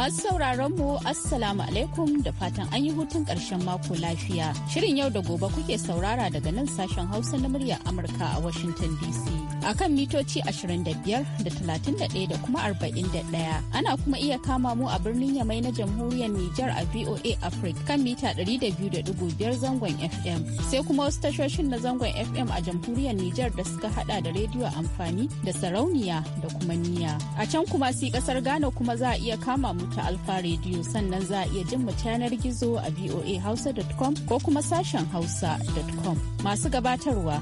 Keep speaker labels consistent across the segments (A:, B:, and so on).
A: Masu sauraron mu Assalamu alaikum da fatan an yi hutun ƙarshen mako lafiya. Shirin yau da gobe kuke saurara daga nan sashen Hausa na muryar Amurka a Washington DC. a kan mitoci 25 da 31 da kuma 41. Ana kuma iya kama mu a birnin Yamai na jamhuriyar Nijar a VOA Africa kan mita 200.5 zangon FM. Sai kuma wasu tashoshin na zangon FM a jamhuriyar Nijar da suka hada da rediyo amfani da sarauniya da kuma niya. A can kuma si kasar Ghana kuma za a iya kama mu ta Alfa radio sannan za a iya jin mu yanar gizo a voahausa.com ko kuma sashen hausa.com. Masu gabatarwa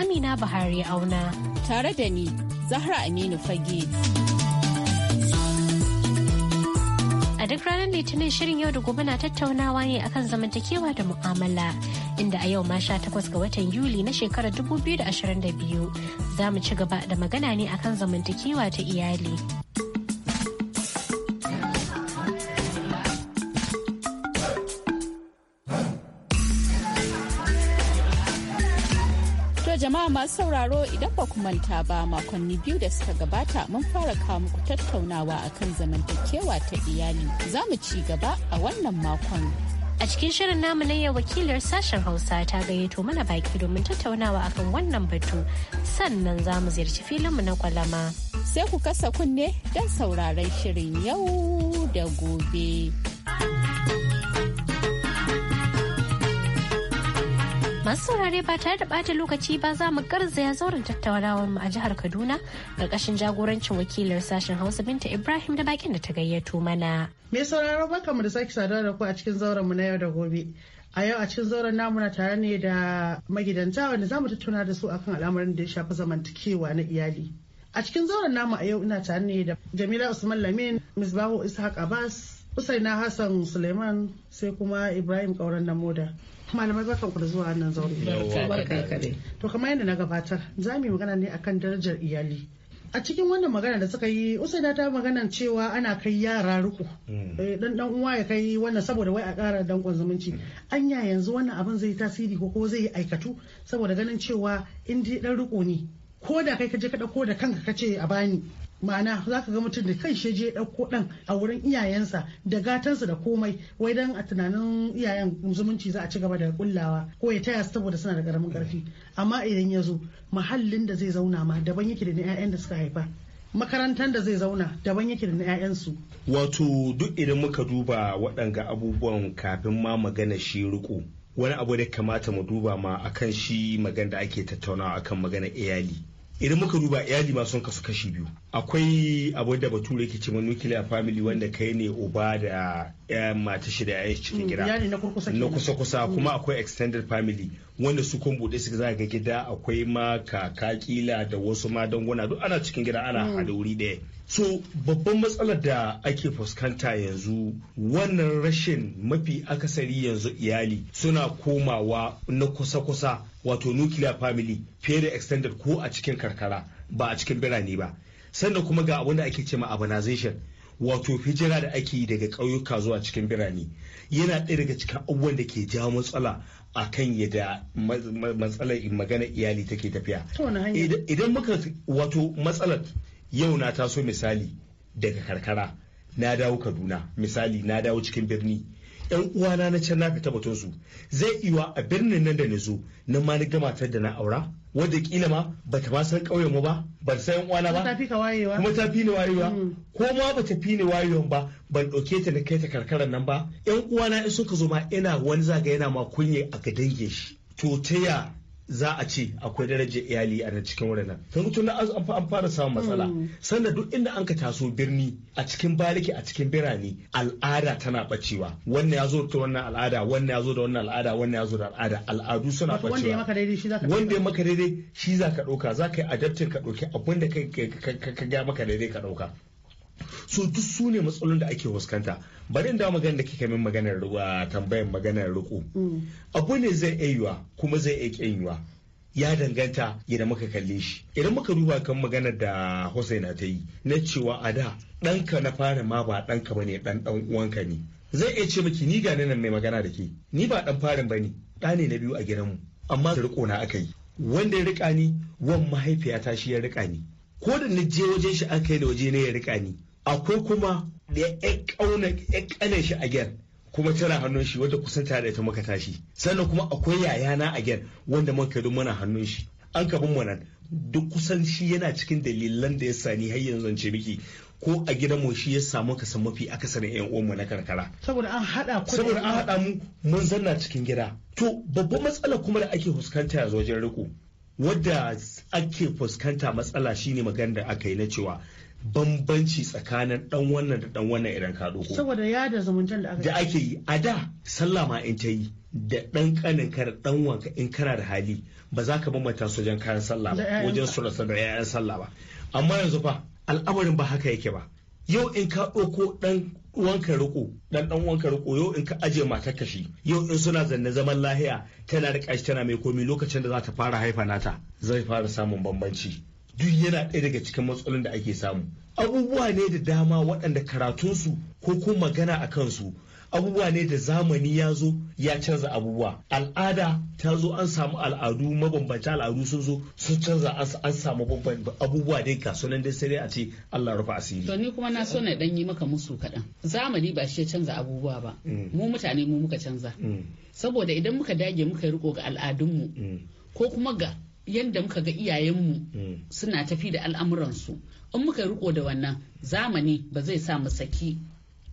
A: Amina Bahari Auna. Tare da ni, Zahra Aminu
B: Fage. A duk ranar Litinin shirin yau da gobe na tattaunawa ne akan zamantakewa da mu'amala. Inda a yau ma sha takwas ga watan Yuli na shekarar dubu biyu da da ashirin biyu, za mu ci gaba da magana ne akan zamantakewa ta iyali.
A: jama'a masu sauraro idan ba ku manta ba makonni biyu da suka gabata mun fara kawo muku tattaunawa akan zamantakewa ta iyali za mu ci gaba
B: a wannan makon A cikin shirin namu na yau wakilar sashen Hausa ta gayyato mana baki domin tattaunawa akan wannan batu sannan za mu ziyarci filinmu na kwalama. Sai ku kasa kunne don sauraron shirin yau da gobe. Masu saurare ba tare da bata lokaci ba za mu garzaya zauren tattaunawar mu a jihar Kaduna ƙarƙashin jagorancin wakilar sashen Hausa Binta Ibrahim da bakin da ta gayyato mana. Me sauraro barka mu da
C: sake saduwa da ku a cikin zauren mu na yau da gobe. A yau a cikin zauren namu na tare ne da magidanta wanda za mu tattauna da su akan al'amarin da ya shafi zamantakewa na iyali. A cikin zauren namu a yau ina tare ne da Jamila Usman Lamin, bahu Ishaq Abbas, Usaina Hassan Suleiman sai kuma Ibrahim Kauran Namoda. malamai barkan ku da zuwa wannan zaure to kamar yadda na gabatar za mu yi magana ne akan darajar iyali a cikin wannan magana da suka yi usaina ta maganan cewa ana kai yara riko mm. eh, dan dan uwa ya kai wannan saboda wai a ƙara dankon zumunci mm. anya yanzu wannan abin zai tasiri ko ko zai aikatu saboda ganin cewa in dai dan riko ne ko da kai ka je ka dauko da kanka ka ce a bani ma'ana za ka ga mutum da kai shi je ɗauko ɗan a wurin iyayensa da gatansa da komai wai dan a tunanin iyayen zumunci za a ci gaba da kullawa ko ya taya su saboda suna da karamin karfi amma idan ya zo mahallin da zai zauna ma daban yake da na 'ya'yan da suka haifa makarantar da zai zauna daban yake da na 'ya'yansu.
D: Wato duk idan muka duba waɗanga abubuwan kafin ma magana shi riko wani abu da kamata mu duba ma akan shi magana da ake tattaunawa akan magana iyali. Idan muka duba iyali ma sun kasu kashi biyu. akwai abu da bature ke cewa nuclear family wanda kai ne uba da yan mata shida ya cikin mm, gida na kusa kusa kuma mm. akwai extended family wanda su kun bude su za ga gida akwai ma kaka kila da wasu ma danguna. duk ana cikin gida ana mm. hada wuri ɗaya so babban matsalar da ake fuskanta yanzu wannan rashin mafi akasari yanzu iyali suna komawa na kusa kusa wato nuclear family fiye da extended ko a cikin karkara ba a cikin birane ba sannan kuma ga abin da ake cema urbanization wato hijira da ake yi daga ƙauyuka zuwa cikin birane yana ɗaya daga cikin abubuwan da ke jawo matsala a kan yadda matsalar magana iyali take tafiya idan muka wato matsalar yau na taso misali daga karkara na dawo kaduna misali na dawo cikin birni yan uwana na can na fita su zai iwa a birnin nan da na zo na ma ni gamatar da na aura wadda kila ma ba ta ba san ƙauyen mu ba ban san uwana ba
C: kuma ta fi ni wayewa
D: ko ma ba ta fi ni wayewa mm. ba ban ɗauke ta na kai ta karkaran nan ba yan uwana in suka zo ma ina wani zaga yana ma kunye a ga dange shi to ta ya za a ce akwai darajar iyali a nan cikin wurin to mutum na an fara samun matsala hmm. sannan duk inda an ka taso birni a cikin baliki a cikin birane al'ada tana bacewa wannan ya zo da wannan al'ada wannan ya zo da wannan al'ada wannan ya zo da al'ada al'adu suna bacewa wanda ya maka
C: daidai shi zaka wanda ya
D: maka daidai shi zaka dauka zaka yi adaptin ka dauki abin da kai ka ga maka daidai ka dauka su duk su ne matsalolin da ake fuskanta bari da magana da kika min maganar tambayar maganar riko mm. abu ne zai iya kuma zai iya yiwa ya danganta idan muka kalle shi idan muka duba kan maganar da Hussein ta yi na cewa a da ɗanka na fara ma ba ɗanka ba ne ɗan ɗan uwanka ne zai iya ce miki ni ga nan mai magana da ke ni ba ɗan farin ne. ɗa ne na biyu a gidanmu amma da riko na aka yi wanda ya rika ni wan mahaifiyata shi ya rika ni ko da na je wajen shi aka yi da waje ne ya rika ni akwai kuma da ya ƙauna shi a gyar kuma tana hannun shi wanda kusan tare da ita muka tashi sannan kuma akwai yayana a gyar wanda man kai mana hannun shi an kafin mu nan duk kusan shi yana cikin dalilan da ya sani har yanzu ce miki ko a gidanmu shi ya samu ka san mafi akasarin yan uwanmu na karkara
C: saboda an hada ku saboda an hada
D: mu mun zanna cikin gida to babban matsala kuma da ake fuskanta yanzu wajen riko wadda ake fuskanta matsala shine magana da aka yi na cewa bambanci tsakanin dan wannan da dan wannan idan ka doko
C: saboda ya da zumuntar da aka da
D: ake yi a da sallah ma in ta yi da dan kanin ka da dan wanka in kana da hali ba za ka bambanta su wajen kayan sallah ba wajen surasa da yayan sallah ba amma yanzu fa al'amarin ba haka yake ba yau in ka doko dan wanka riko dan dan wanka riko yau in ka aje matar ka shi yau in suna zanne zaman lahiya tana da kashi tana mai komi lokacin da za ta fara haifa nata zai fara samun bambanci duk yana ɗaya daga cikin matsalolin da ake samu abubuwa ne da dama waɗanda karatunsu ko ko magana a kansu abubuwa ne da zamani ya zo ya canza abubuwa al'ada ta zo an samu al'adu mabambanta al'adu sun zo sun canza an samu abubuwa dai ga sunan dai sai a ce Allah rufa asiri to
E: ni kuma na so na dan yi maka musu kaɗan zamani ba shi ya canza abubuwa ba mm. mu mutane mu muka canza mm. saboda idan muka dage muka riko ga al'adunmu mm. ko kuma ga yadda muka ga iyayenmu hmm. suna tafi da al'amuransu in muka riko da wannan zamani ba zai sa mu saki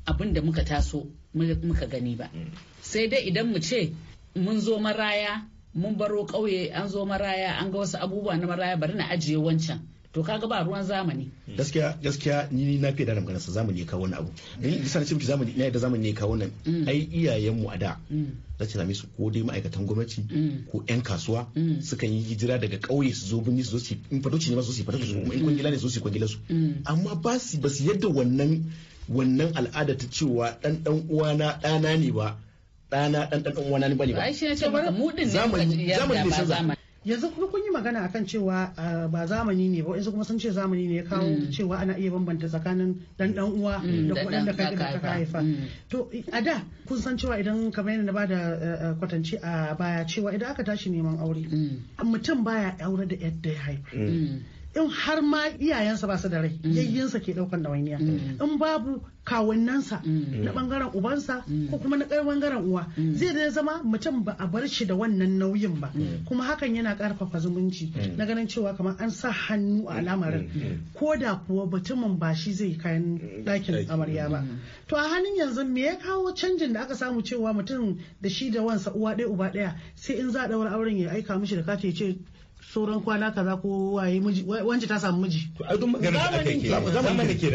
E: abin da muka taso muka gani ba hmm. sai dai idan mu ce mun zo maraya mun baro ƙauye an zo maraya an ga wasu abubuwa na maraya bari na ajiye wancan to kaga ba ruwan zamani
F: gaskiya gaskiya ni na fi da maganar sa zamani kawo wani abu ni bisa cikin zamani ina da zamani kawo nan mm. ai iyayen mu a da mm. za ta su ko dai ma'aikatan gwamnati mm. ko yan kasuwa sukan yi hijira daga ƙauye su zo birni su zo su in fadoci ne ma su su fadoci su in kwangila ne su su kwangila su amma ba su ba su yadda wannan wannan al'ada ta cewa dan dan uwana dana ne ba dana dan dan uwana ne ba ne ba
C: zamani zamani ne ce ne zamani yanzu kuma kun yi magana akan cewa ah, ba zamani ne ba yanzu kuma sun ce zamani ne ya kawo mm. cewa ana iya bambanta tsakanin dan dan uwa mm, da kuma da kai da ka haifa mm. to a da kun san cewa idan kamar yadda na bada eh, eh, kwatance a baya cewa idan aka tashi neman aure mutum baya aure da yadda ya haifa in har ma iyayensa ba su da rai mm. yayyensa ke daukan dawainiya. Mm. in babu kawunnansa mm. na bangaren ubansa ko kuma na kai bangaren uwa zai da zama mutum ba a bar shi da wannan nauyin ba kuma hakan yana karfafa zumunci na ganin cewa kamar an sa hannu a lamarin ko da kuwa mutumin ba shi zai kayan ɗakin amarya ba to a hannun yanzu me ya kawo canjin da aka samu cewa mutum da shi da wansa uwa ɗaya uba ɗaya sai in za a ɗaura auren ya aika mishi da kata ya ce sauran kwana kaza ko waye miji wance ta samu miji to ke zaman ke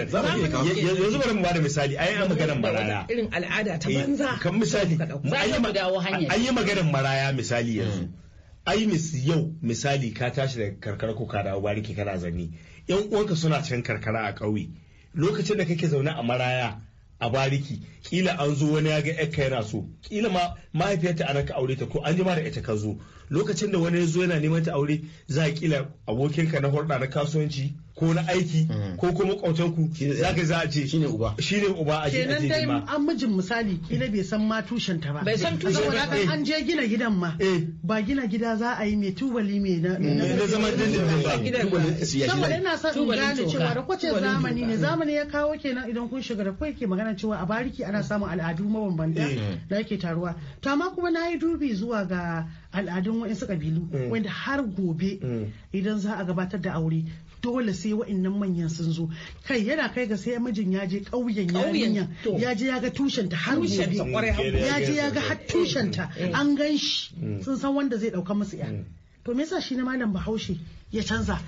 D: yanzu bari mu bada misali ayi maganar maraya
C: irin al'ada ta eh,
G: banza
D: kan misali
C: an yi maganar
D: maraya misali hmm. yanzu ai mis yau misali ka tashi daga karkara ko ka dawo bariki kana zanni yan uwanka suna can karkara a ƙauye lokacin da kake zaune a maraya a bariki kila an zo wani ya ga yakka yana so kila ma mahaifiyarta ana ka aure ta ko an jima da ita ka zo lokacin da wani ya zo yana neman ta aure za a kila abokinka na hulɗa na kasuwanci ko na aiki mm. ko kuma ku za ka za a ce shine uba shine uba a jima kenan dai an
C: mijin misali kila bai san ma tushen ta ba bai san tushen ba kan an je gina gidan ma eh. ba gina gida za a yi mai tubali mai na mm. na zama dindindin ba saboda ina san in gane cewa da kwace zamani ne mm. zamani ya kawo kenan idan kun shiga da kai ke magana cewa a bariki ana samun al'adu mabambanta eh. da yake taruwa to amma kuma na yi dubi zuwa ga al'adun wa'insu ƙabilu mm. wanda har gobe mm. idan za a gabatar da aure dole sai wa'annan manyan sun zo kai yana kai ga sai mijin ya je ƙauyen yarinya ya je ya ga tushenta har gobe mm. ya je ya ga har tushenta an gan shi sun san wanda zai ɗauka masu ya to me yasa shi na malam bahaushe ya canza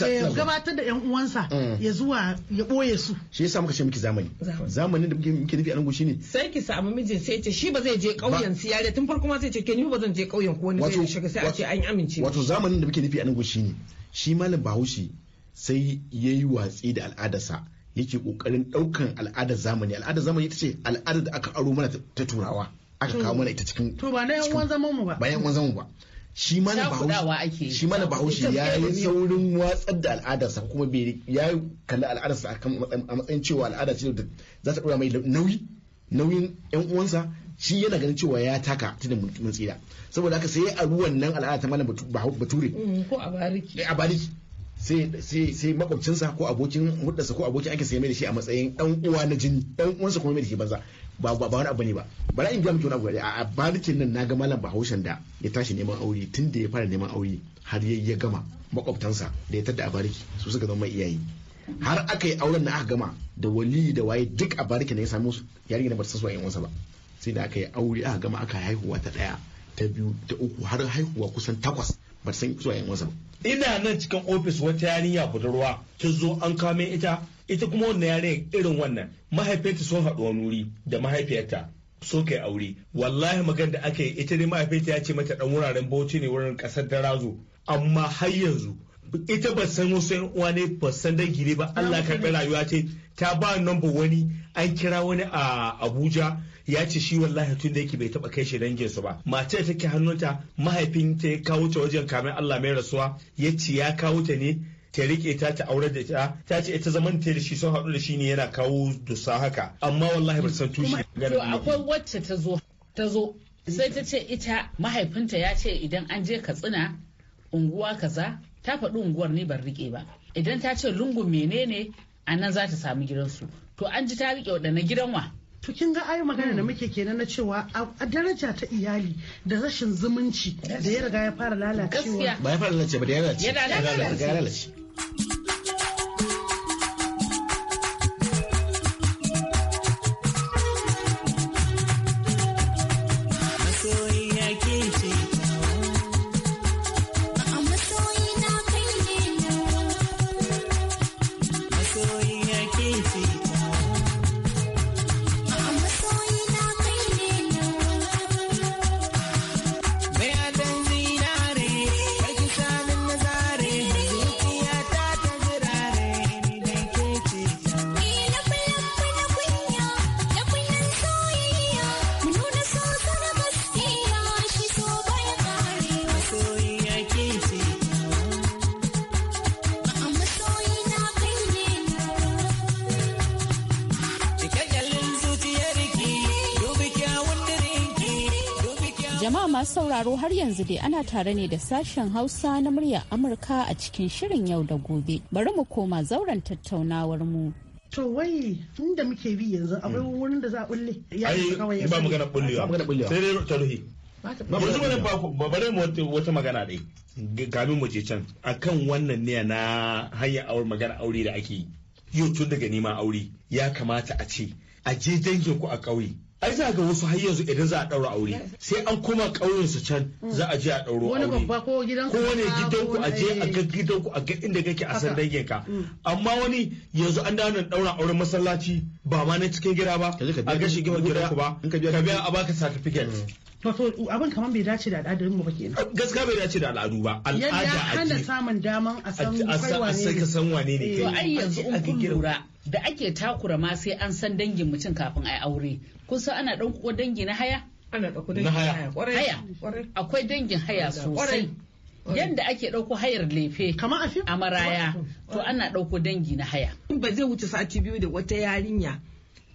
C: daga gabatar da yan uwansa mm. ya zuwa ya boye su
F: shi yasa muka ce miki zamani zamanin da muke nufi a nan shine
C: sai ki samu
G: mijin sai ce shi ba zai je kauyen siyare tun farko ma sai ce ke ni ba zan je kauyen ko wani zai shiga sai a ce an yi
F: amince wato zamanin da muke nufi a nan shine shi malam bahaushe sai yayi watsi da al'adarsa yake kokarin daukan al'adar zamani al'adar zamani ita ce al'adar da aka aro mana ta turawa aka kawo mana ita cikin
C: to ba na yan uwan zaman mu ba ba yan uwan
F: zaman mu ba shi mana bahaushe shi mana bahaushe ya yi saurin watsar da al'adarsa kuma bai ya kalli al'adarsa a matsayin cewa al'ada ce da za ta dora mai nauyi nauyin yan uwansa shi yana ganin cewa ya taka tunan mun tsira saboda haka sai a ruwan nan al'ada ta malam bature
G: mm, ko a
F: bariki eh, sai makwabcinsa ko abokin hudarsa ko abokin ake sai mai da shi a matsayin dan uwa na jini dan uwansa kuma mai da shi banza ba ba wani abu ne ba bara in ga mutum wani a barikin nan na ga malam bahaushen da ya tashi neman aure tun da ya fara neman aure har ya gama makwabtansa da ya tadda a bariki su suka zama iyaye har aka yi auren na aka gama da wali da waye duk a barikin ya samu yarinya da ba ta su a yan ba sai da aka yi aure aka gama aka haihuwa ta daya ta biyu ta uku har haihuwa kusan takwas ba san zuwa yan wasa ina
D: nan cikin ofis wata yarinya budurwa ta zo an kame ita ita kuma wannan yarinya irin wannan mahaifinta sun haɗu wani wuri da mahaifiyarta so kai aure wallahi magan da aka yi ita ne mahaifinta ya ce mata dan wuraren bauchi ne wurin kasar darazo amma har yanzu ita ba san wasu yan uwa ne ba san dangi ne ba Allah ka rayuwa ce ta ba number wani an kira wani a Abuja ya ce shi wallahi tun da yake bai taba kai shi dangin su ba matar take hannunta mahaifinta ya kawo ta wajen kamin Allah mai rasuwa ya ce ya kawo ta ne ta rike ta ta aure da ta ta ce ita zaman ta da shi sun haɗu da shi ne yana kawo dusa haka amma wallahi ba san tushe to akwai
C: wacce
E: ta zo ta zo sai ta ce ita mahaifinta ya ce idan an je katsina unguwa kaza ta faɗi unguwar ne ban rike ba idan ta ce lungun menene
C: a nan za ta samu gidansu to an
E: ji ta rike waɗanne gidan wa to
C: kin ga ayi magana da hmm. muke kenan na cewa a daraja ta iyali da rashin zumunci da ya riga ya fara lalacewa
F: ba ya fara lalacewa ba da ya lalace ya lalace
A: masu sauraro har yanzu dai ana tare ne da sashen Hausa na murya Amurka a cikin shirin yau da gobe. Bari mu koma zauren tattaunawar
C: mu. to wai tun da muke bi yanzu akwai hmm. wurin da za a bulle ya yi kawai ya ba magana
D: bullewa sai dai ruhi ba bare mu wata magana dai ga mu je can akan wannan ne na hanyar magana aure da ake yi yau tun daga neman aure ya kamata a ce a je dangin ku a ƙauye ai za ga wasu har yanzu idan za a ɗaura aure sai an koma ƙauyen su can mm. za a je a ɗauro aure wani
C: babba ko ko wani gidan ku a je a ga
D: gidan ku a ga inda kake a san dangin ka mm. amma wani yanzu an dawo nan ɗaura auren masallaci ba ma na cikin gida ba a ga shi gima gida ku ba ka biya a baka certificate mm.
C: to abin kamar bai dace da al'adarin mu ba kenan
D: gaskiya bai dace da al'adu ba al'ada ake yadda hana
C: samun daman a san kai wane ne
D: san wane ne to ai
C: yanzu in kun
E: lura da ake takura ma sai an san dangin mutum kafin ai aure kun san ana dan dangi na haya ana dauko dangi na haya haya akwai dangin haya sosai yadda ake ɗauko hayar lefe a maraya to ana ɗauko dangi na haya. ba
G: zai wuce sati biyu da wata yarinya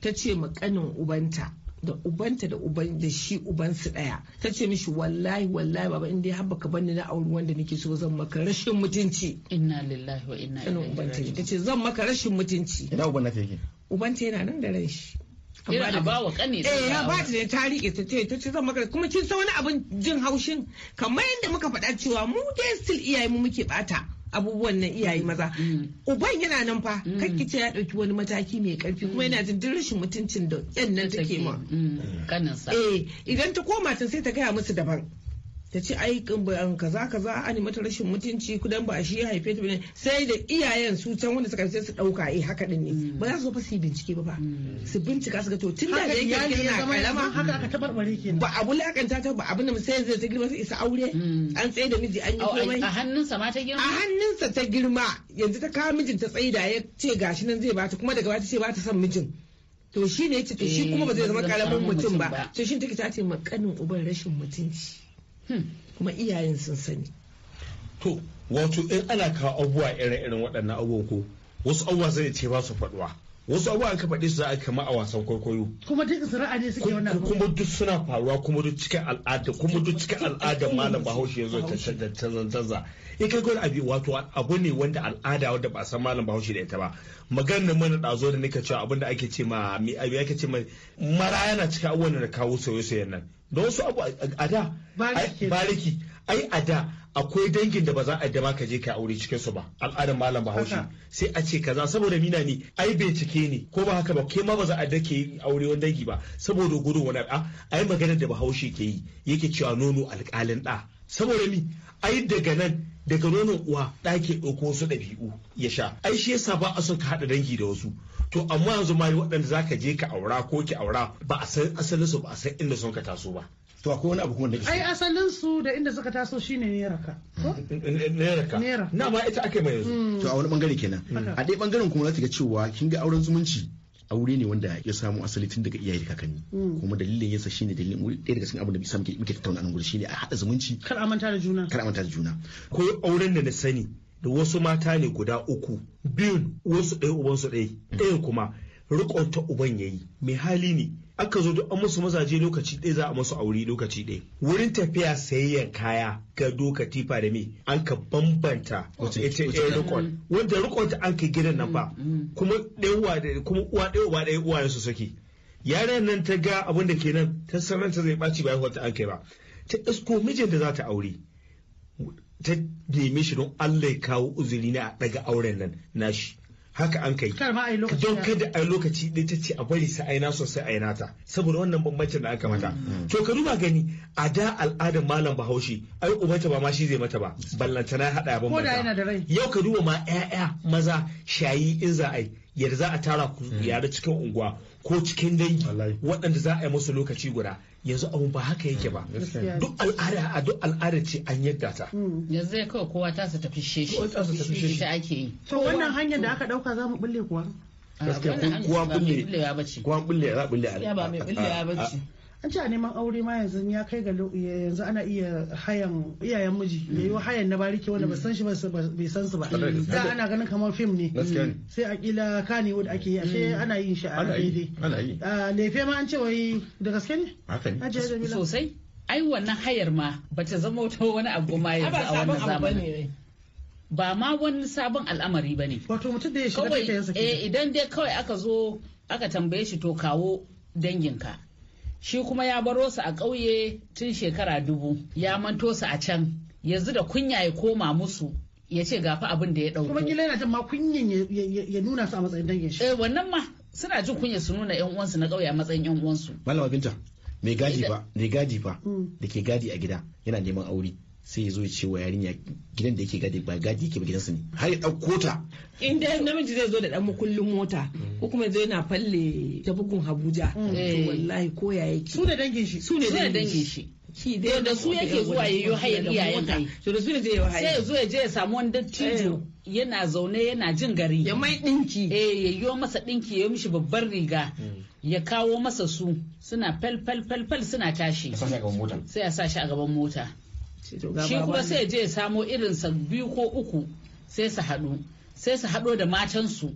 G: ta ce ma kanin ubanta da ubanta da uban da shi ubansu daya ta ce mishi wallahi wallahi baba inda ya har baka bani na auri wanda nake so zan maka rashin mutunci inna lillahi wa inna ilaihi raji'un ta ce zan maka rashin mutunci ina uban na yake ubanta yana nan da ranshi amma da a bawa kane da eh, ya ba ta ta tarihi ta ce ta ce zan maka kuma kin san wani abin jin haushin kamar yadda muka faɗa cewa mu dai still iyayen mu muke bata abubuwan na iyaye maza mm. uban yana nan fa mm. kakki ce ya dauki wani mataki mai karfi kuma yana jin duk rashin mutuncin da yan nan take ma mm. eh idan ta koma ta sai ta gaya musu daban ta ci bayan kaza kaza ne mata rashin mutunci kudan ba a shi ya haife ta sai da iyayen su can wanda suka sai su dauka eh haka din ne mm. ba za su fa su bincike ba ba mm. su bincika su ga to tun da yake yana kalama haka aka tabarbare kenan ba abu lakanta ta ba abin da sai zai ta girma sai isa aure mm. an tsaye da miji an yi komai a hannunsa ma ta girma a hannunsa ta girma yanzu ta kawo mijin ta da ya ce gashi nan zai bata kuma daga ta ce bata son mijin to shi ne ya ce to shi eh, kuma ba zai zama karamin mutum ba to shi take ta ce makanin uban rashin mutunci Hmm, kuma iyayen sun sani
D: to wato in ana kawo abubuwa irin irin waɗannan abubuwan ko wasu abubuwa zai ce ba su faɗuwa wasu abubuwan ka faɗi su za a kama a wasan kwaikwayo
C: kuma duk zira'a ne suke wannan kuma
D: duk suna faruwa kuma duk cikin al'ada kuma duk cikin al'ada malam bahaushe yanzu ta canza in kai gwada abi wato abu ne wanda al'ada wanda ba san malam bahaushe da ita ba na mana ɗazo da nika cewa abinda ake ce ma mi abi ake ce ma mara yana cikin abubuwan da kawo sauye-sauyen nan da wasu abu a da bariki ai a da akwai dangin da ba za a yadda ma ka je ka aure cikin su ba al'adar malam bahaushe sai a ce kaza saboda mina ne ai bincike ne ko ba haka ba ke ma ba za a yadda ke aure wani dangi ba saboda gudun wani a ai maganar da bahaushe ke yi yake cewa nono alƙalin ɗa saboda mi ai daga nan daga nono uwa ke ɗauko wasu ɗabi'u ya sha ai shi yasa ba a son ka haɗa dangi da wasu to amma yanzu ma waɗanda za ka je ka aura ko ki aura ba a san asalinsu ba a san
F: inda sun ka taso ba to akwai wani abu kuma da
D: ai
C: asalin su da inda suka taso shine nera. Eh,
F: eh, eh, neraka neraka na ma ita ake mai yanzu hmm. to a wani bangare kenan hmm. a dai bangaren kuma za ta ga cewa kin ga auren zumunci aure ne wanda ya samu asali tun daga iyaye kakanni hmm. kuma dalilin yasa shine dalilin ɗaya daga cikin abin da bisa muke muke tattauna nan gudu shine a hada zumunci
C: kar amanta da juna
F: kar amanta da juna ko auren da na sani da wasu mata ne guda uku biyun wasu ɗaya uban su
D: ɗaya ɗaya kuma rikon ta uban yayi mai hali ne aka zo duk an musu mazaje lokaci ɗaya za a masu aure lokaci ɗaya wurin tafiya sayayyan kaya ga doka Tifa da me an ka bambanta wato ita ɗaya rikon wanda rikon ta an kai gidan nan ba mm, mm, mm. kuma ɗaya uwa da kuma uwa ɗaya uwa ɗaya su saki yaran nan ta ga abin da ke nan ta sanar ta zai ɓaci ba wata an kai ba ta isko mijin da za ta aure ta nemi shi don Allah ya kawo uzuri na a ɗaga auren nan nashi haka an kai
C: don kada
D: a lokaci ɗaya ta ce a bari sa aina sosai aina ta saboda wannan bambancin da aka mata to ka duba gani a da al'adar malam bahaushe ai ubanta ba ma shi zai mata ba ballantana ya haɗa ya bambanta yau ka duba ma 'ya'ya maza shayi in za a yi yadda za a tara ku hmm. yare cikin unguwa ko cikin dangi waɗanda za a yi musu lokaci guda yanzu abu ba haka yake ba duk al'ada a duk al'ada ce an yadda ta
E: hmm. yanzu zai kawai kowa ta su tafi sheshi ita ake yi to wannan hanyar da
C: aka dauka za mu bulle kuwa gaskiya kuwa bulle
F: kuwa bulle za bulle ya ba mai bulle ya bace
C: an ce a neman aure ma yanzu ya kai ga yanzu ana iya hayan iyayen miji ya yi hayan na barike wanda ba san shi bai san su ba da ana ganin kamar fim ne sai a kila kane wanda ake yi ashe hmm. ana yin shi a daidai lefe ma an ce wai da gaske ne
E: sosai ai wannan hayar ma ba ta zama wata wani abu ma yanzu a wannan zamanin ba ma wani sabon al'amari ba ne. Wato mutum da ya shiga kawai eh, idan dai kawai aka zo aka tambaye shi to kawo danginka. shi kuma ya baro su a ƙauye tun shekara dubu ya manto su a can yanzu da kunya ya koma musu ya ce gafi abin da ya ɗauko. Kuma
C: gila yana jan ma kunyan ya nuna su a matsayin
E: dangin shi. Eh wannan ma suna jin kunya su nuna yan uwansu na ƙauye a matsayin yan uwansu.
C: Malama Binta
F: mai gadi ba mai gadi ba mm. da ke gadi a gida yana neman aure. sai ya zo ya ce wa yarinya gidan da yake gadi ba gadi yake ba gidansa ne har ya ɗauko ta.
G: in dai namiji zai zo da ɗan makullin mota ko kuma zai na falle ta bugun Habuja. to eh. wallahi ko ya yake su da dangin shi su ne da dangin shi Ki dai da su yake zuwa yayyo hayar iyayen kai to da su ne zai yi hayar
E: sai ya zo ya je ya samu wani dattijo eh. yana zaune yana jin gari ya mai dinki eh yayyo masa dinki ya mishi babbar riga hmm. ya kawo masa su suna fel fel fel fel suna tashi sai a sa shi a gaban mota shi kuma sai je samo irin sa biyu ko uku sai su haɗu sai su haɗo da matansu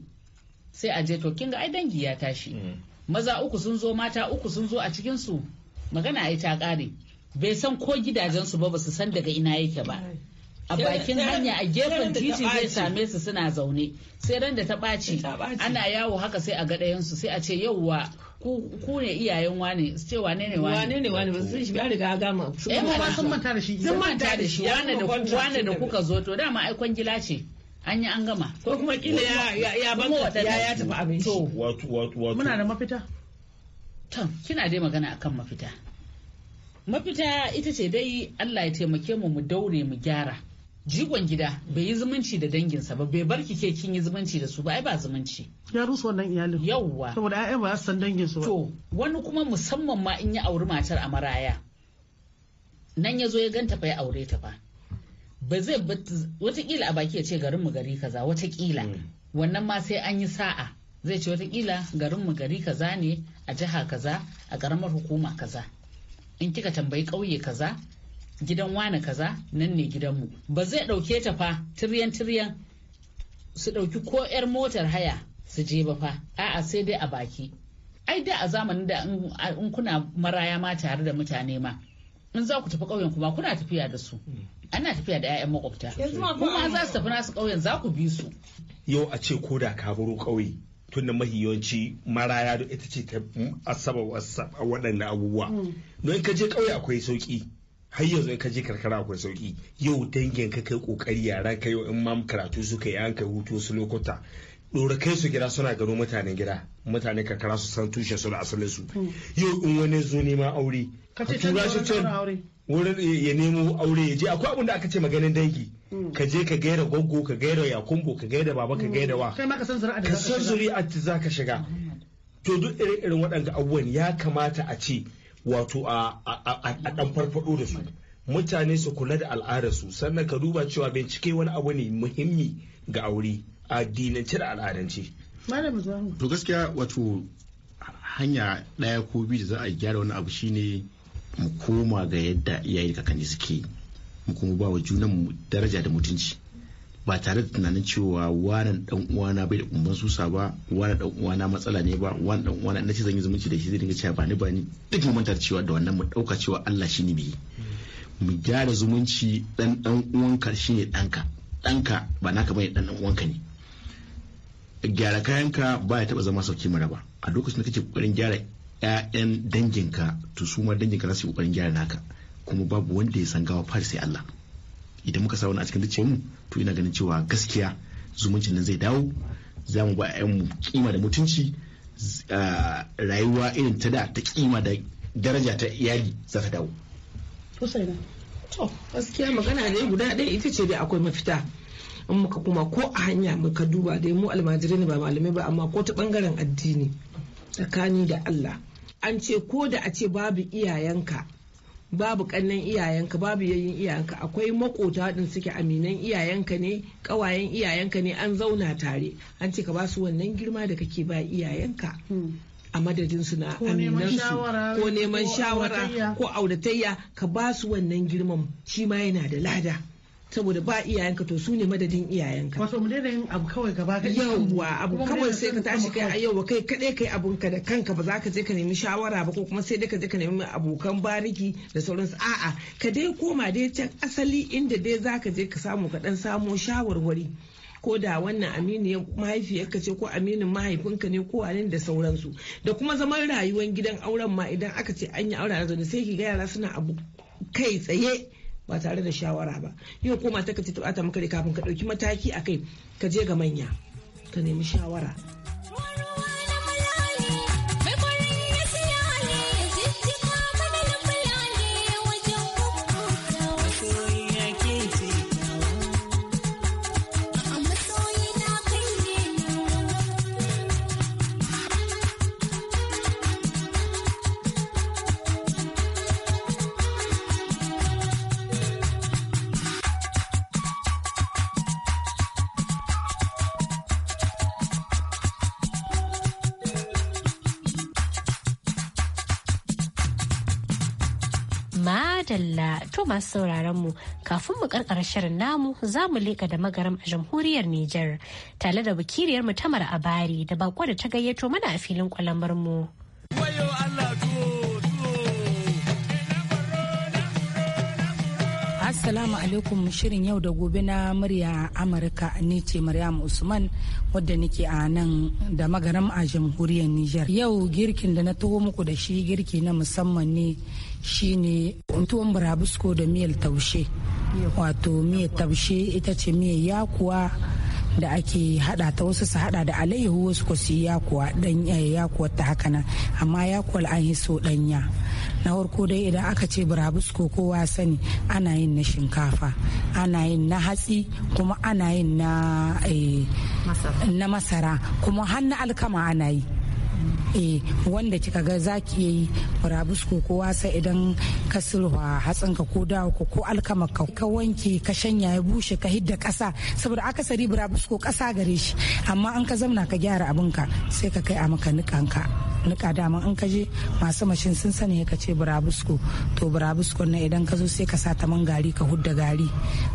E: sai a je to kin ga ai dangi ya tashi mm. maza uku sun zo mata uku sun zo a cikin su magana ai ta ƙare bai san ko gidajensu ba ba su san daga ina yake ba a bakin hanya a gefen titi zai same su suna zaune sai ran da ta ɓaci ana yawo haka sai a ga ɗayansu sai a ce yauwa ku ne iyayen wane su ce wane ne wane wane ne wane ba sun shi ya riga gama eh ba sun manta da shi sun manta da shi wane da wane da kuka zo to dama ai kwangila ce an yi an gama ko kuma kila ya ya banka ya ya tafi abinci wato wato wato muna da mafita tom kina dai magana akan mafita mafita ita ce dai Allah ya taimake mu mu daure mu gyara jigon gida bai yi zumunci da danginsa ba bai ki ke kin yi zumunci da su ba ai ba zumunci ya rusa wannan iyalin yawwa saboda ai ba san dangin su ba to wani kuma musamman ma in ya auri matar a maraya nan ya zo ya ganta bai aure ta ba ba zai watakila a baki ya ce garin mu gari kaza watakila hmm. wannan ma sai an yi sa'a zai ce watakila garin mu gari kaza ne a jiha kaza a karamar hukuma kaza in kika tambayi ƙauye kaza gidan wane kaza nan ne gidanmu ba zai ɗauke ta fa tiryan tiryan su ɗauki ko 'yar motar haya su je ba fa a'a sai dai a baki ai da a zamanin da in kuna maraya ma tare da mutane ma in za ku tafi ƙauyen kuma kuna tafiya da su ana tafiya da 'ya'yan makwabta kuma za su tafi nasu ƙauyen za ku bi su
D: yau a ce ko da ka baro ƙauye tun da mahi yawanci maraya ita ce ta mm, asaba waɗannan abubuwa mm. don ka je ƙauye akwai sauƙi har yanzu ka je karkara akwai sauki yau dangin ka kai kokari yara ka yau in ma karatu suka yi an hutu su lokuta dora kai su gida suna gano mutanen gida mutanen karkara su san tushen su da asalin su hmm. yau in wani zo neman aure ka tura shi can wurin ya nemo aure ya je akwai abin da aka ce maganin dangi hmm. ka je ka gaira goggo ka gaira yakumbo ka gaira baba ka hmm. gaira wa
C: ka san zuri'a
D: ta za ka shiga to duk irin irin waɗanda abubuwan ya kamata a ce wato a dan farfado da su mutane su kula da su sannan ka duba cewa bincike wani abu ne muhimmi ga aure addinance da al'adance
F: to gaskiya wato hanya ɗaya ko biyu da za a gyara wani abu shine mu koma ga yadda iyaye kakanni suke mu kuma ba wa junan mu daraja da mutunci ba tare da tunanin cewa wani dan uwana bai da kumban susa ba wani dan uwana matsala ne ba wani dan uwana ina ce zan yi zumunci da shi zai dinga cewa ba ni ba ni duk mun cewa da wannan mu dauka cewa Allah shine biyi mu gyara zumunci dan dan uwanka shine danka danka ba naka bane dan dan uwanka ne gyara kayanka ba ya taba zama sauki mara ba a lokacin da kake kokarin gyara ƴaƴan danginka to su ma ka za su yi kokarin gyara naka kuma babu wanda ya san gawa fari sai Allah idan muka sa wani a cikin zuciyar mu to ina ganin cewa gaskiya zumuncin nan zai dawo za mu ba mu kima da mutunci ah, rayuwa irin ta da ta kima da daraja ta iyali za ta dawo
G: gaskiya magana guda ɗaya ita ce dai akwai mafita in muka kuma ko a hanya muka duba dai mu almajirai ne ba malamai ba amma ko ta bangaren addini tsakani da Allah an ce ko da a ce babu iyayenka babu kannan iyayenka babu yayin iyayenka akwai makota din suke aminan iyayenka ne kawayen iyayenka ne an zauna tare an ce ka ba su wannan girma da kake ba iyayenka a madadinsu na aminansu ko neman shawara ko auratayya ka ba su wannan girman shi ma yana da lada saboda ba iyayenka to su ne madadin iyayenka wato mu daina yin abu kawai gaba ka yawa abu kawai sai ka tashi kai a yau kai kaɗai kai abun ka da kanka ba za ka je ka nemi shawara ba ko kuma sai dai ka je ka nemi abokan bariki da sauransu a'a ka dai koma dai can asali inda dai za ka je ka samu ka dan samo shawarwari ko da wannan mahaifi mahaifiyarka ce ko aminin mahaifinka ne ko wani da sauransu da kuma zaman rayuwar gidan auren ma idan aka ce an yi auren a zaune sai ki ga yara suna abu kai tsaye ba tare da shawara ba yau ko mata ka ta ɓata maka da kafin ka ɗauki mataki a kai. ka je ga manya ka nemi shawara
B: madalla to masu sauraron mu kafin mu karkara shirin namu za mu leka da magaram a jamhuriyar Nijar tare da bukiriyar mu Tamar a bari da bako da ta gayyato mana a filin kwalamar mu. Assalamu alaikum shirin yau da gobe
H: na murya Amurka ni ce Maryam Usman wadda nake a nan da magaram a jamhuriyar Nijar. Yau girkin da na taho muku da shi girki na musamman ne shine tuwon burabusko da miyar taushe wato miyar taushe ita ce miyar yakuwa da ake hada ta wasu su hada da alayyahu wasu ko su yakuwa dan eh, yakuwa ta haka nan amma yakuwar an yi so danya na farko dai idan aka ce burabusko kowa sani ana yin na shinkafa ana yin na hatsi kuma ana yin na eh, masara kuma har na alkama ana yi eh wanda kika ga zaki yi rabus ko ko wasa idan ka sulwa hatsin ka ko dawo ko ko alkama ka ka wanke ka shanya ya bushe ka hidda kasa saboda akasari rabus ko kasa gare shi amma an ka zamna ka gyara abinka sai ka kai a maka nikanka nika dama in ka je masu mashin sun sani ka ce burabusko to burabusko na idan ka zo sai ka sa man gari ka hudda gari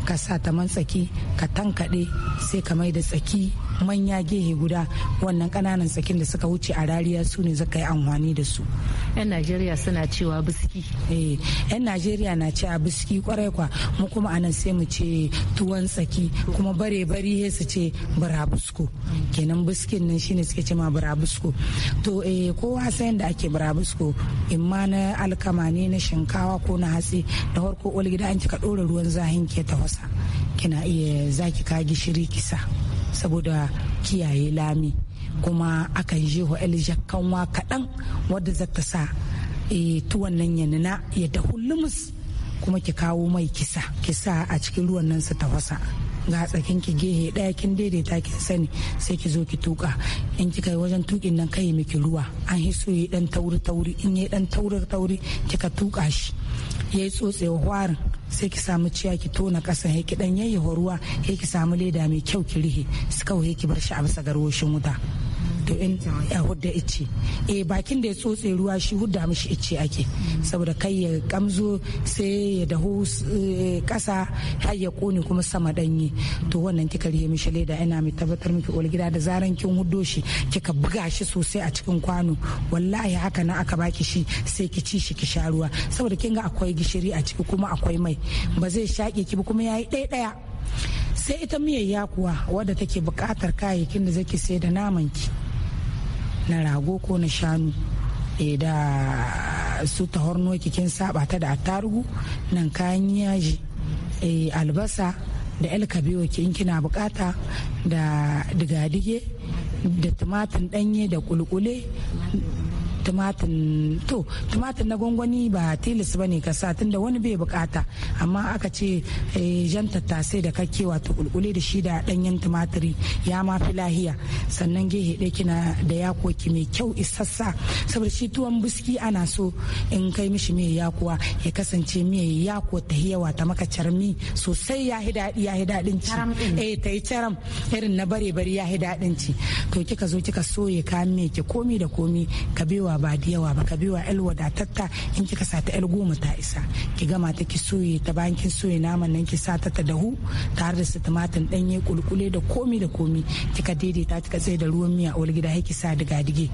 H: ka sa man tsaki ka tankaɗe sai ka mai da tsaki manya gehe guda wannan kananan tsakin da suka wuce a rariya su ne zaka yi amfani da su yan najeriya suna cewa biski eh yan najeriya na cewa biski kwarai kwa mu kuma anan sai mu ce tuwon tsaki kuma bare bari he su ce burabusko kenan biskin nan shine suke ce ma burabusko to eh kowa sayan da ake burabusko in ma na alkama ne na shinkawa ko na hatsi da farko uwar gida an cika ɗora ruwan zahin ke tafasa kina iya zaki ka gishiri kisa saboda kiyaye lami kuma akan je wa kanwa kaɗan wadda za ta sa eh, tuwan nan ya nuna ya dahu lumus kuma ki kawo mai kisa kisa a cikin ruwan nan su tafasa ga tsakin ki gehe daya kin daidaita kin sani sai ki zo ki tuka in kika yi wajen tukin nan kai miki ruwa an hiso yi dan tauri tauri in yi dan tauri tauri kika tuka shi ya yi tsotsewa hwarin sai ki samu ciya ki tona ƙasa ya ki dan ruwa ya ki samu leda mai kyau ki rihe su kawai ki bar shi a bisa garwoshin wuta da in a hudda ice eh bakin da ya tsotse ruwa shi hudda mishi ice ake saboda kai ya kamzo sai ya dahu kasa eh, har ya kone kuma sama danyi to wannan kika rihe mishi leda ina mai tabbatar miki wani gida da zaran kin huddo shi kika buga shi sosai a cikin kwano wallahi haka na aka baki shi sai ki ci shi ki sha ruwa saboda kin ga akwai gishiri a ciki kuma akwai mai ba zai shaƙe ki ba kuma yayi ɗaya ɗaya sai ita miyar yakuwa wadda take buƙatar kayayyakin da zaki sai da naman ki na rago ko na shanu e, da su horno kikin saba ta da attarugu nan kayan yaji e, albasa da alkabewa in kina bukata da digadige da tumatin danye da kulkule tumatin to tumatin na gwangwani ba tilis ba ne kasa sa tunda wani bai bukata amma aka ce eh, jan tattasai da kake wato kulkule da shi da danyen tumatiri ya ma fi lahiya sannan gehe kina da yakoki mai kyau isassa saboda shi tuwon biski ana so in kai mishi mai yakuwa ya kasance mai yako ta yawa ta maka carmi sosai ya hi daɗi ya hi daɗin ci eh ta yi caram irin na bare bare ya hi daɗin ci to kika zo kika soye kan me ki komi da komi ka bewa ba da yawa ba ka wa yar wadatatta in kika sa ta goma ta isa ki gama ta ki soye ta bayan kin soye naman nan ki sa ta ta dahu tare da su tumatir danye kulkule da komi da komi kika daidaita kika tsaye da ruwan miya a gida sai ki sa diga dige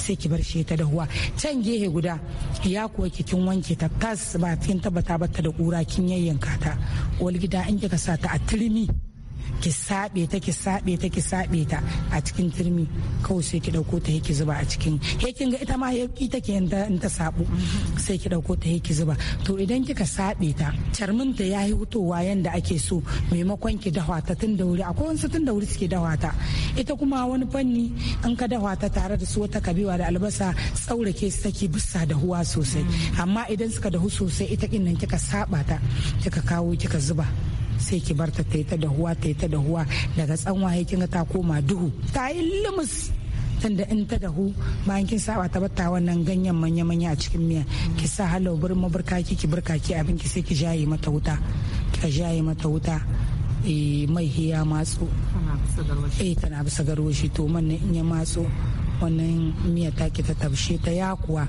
H: sai ki bar shi ta dahuwa can gehe guda ya kuwa kin wanke ta tas ba kin tabbata ba ta da kura kin yayyanka ta wani gida in kika sa ta a turmi ki sabe ta ki sabe ta ki sabe ta a cikin turmi kawai sai ki dauko ta ki zuba a cikin he ga ita ma ta ke in ta sabo sai ki dauko ta ki zuba to idan kika sabe ta charmin ta ya yi hutowa yanda ake so maimakon ki dawa ta tun da wuri akwai wasu tun da wuri suke dawa ta ita kuma wani fanni an ka dawa ta tare da su wata kabewa da albasa tsaurake su take bussa da huwa sosai amma idan suka dahu sosai ita kinnan kika saba ta kika kawo kika zuba sai ki bar ta ta dahuwa ta ta dahuwa daga tsanwa kin ga ta koma duhu ta yi limus tunda in ta dahu bayan kin saba ta batta wannan ganyen manya manya a cikin miya ki sa halau burin maburkaki ki ki abin ki sai ki jaye mata wuta ki jaye mata wuta eh, mai hiya matso eh tana bisa garwashi to man in ya matso wannan miya ta ki ta tabshe ta yakuwa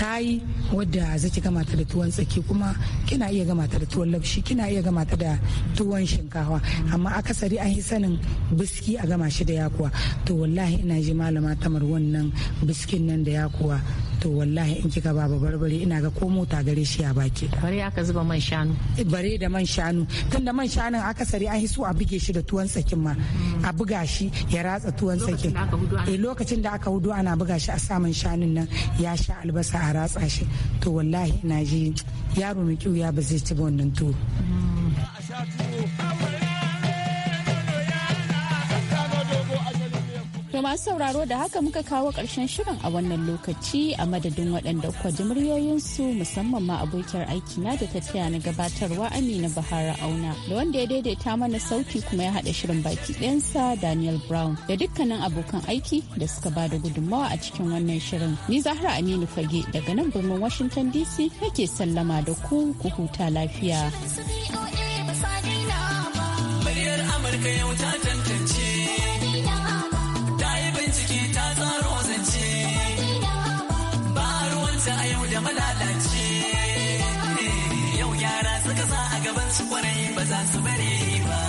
H: ta yi wadda zaki gama ta da tuwon tsaki kuma kina iya gama ta da tuwon labshi kina iya gama ta da tuwon shinkawa amma akasari an yi sanin biski a gama shi da yakuwa to wallahi ina ji malama tamar wannan biskin nan da yakuwa to wallahi in kika ba barbare ina ga ko mota gare shi a baki bare aka zuba man shanu eh, bare da man shanu tunda man shanun sari an hisu a buge shi da tuwon tsakin ma mm. a buga shi ya ratsa tuwon tsakin eh lokacin da aka hudu ana buga shi a saman shanun nan ya sha albasa a ratsa shi to wallahi ina ji yaro mai kiwo ya ba zai ci ba wannan tuwo mm.
A: To masu sauraro da haka muka kawo ƙarshen shirin a wannan lokaci a madadin waɗanda kwa muryoyinsu musamman ma abokiyar aiki na da tafiya na gabatarwa Amina Bahara Auna da wanda ya daidaita mana sauti kuma ya haɗa shirin baki ɗansa Daniel Brown da dukkanin abokan aiki da suka ba da gudunmawa a cikin wannan shirin. Ni Zahra Aminu Fage daga nan birnin Washington DC nake sallama da ku ku huta lafiya.
D: yau ta ya lalace
E: yau yara suka sa a gaban su kwarai ba za su bare